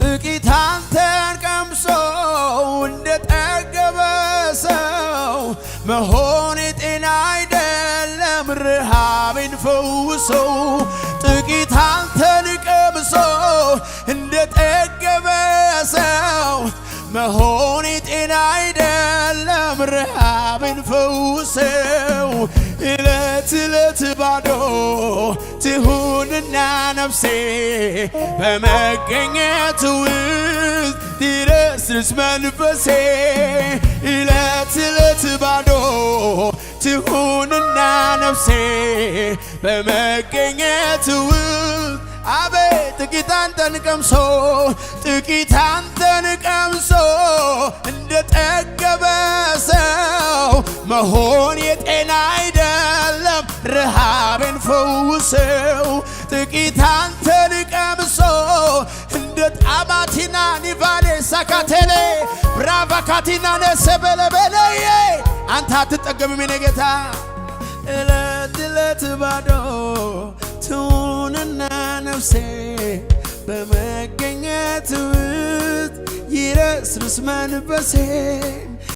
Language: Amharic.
ጥቂት አንተን ቀምሶ እንደጠገበ ሰው መሆን የጤና አይደለም፣ ርሃብን ፈውሶ ጥቂት አንተን ቀምሶ እንደጠገበ ሰው መሆን የጤና አይደለም፣ ርሃብን ፈውሰው እለት እለት ባዶ ትሁ ስጋዬና ነፍሴ በመገኘት ውስጥ ይረስርስ መንፈሴ እለት እለት ባዶ ትሁንና ነፍሴ በመገኘት ውስጥ አቤ ጥቂት አንተን ቀምሶ ጥቂት አንተን ቀምሶ እንደ ጠገበ ሰው መሆን የጤና የሚያፈውሰው ጥቂት አንተን ቀምሶ እንደ ጣማቲና ኒቫሌ ሳካቴሌ ብራቫ ካቲና ነሰበለበለየ አንተ አትጠገብም የኔ ጌታ እለት እለት ባዶ ትሁንና ነፍሴ በመገኘት ውት ይረስርስ መንፈሴ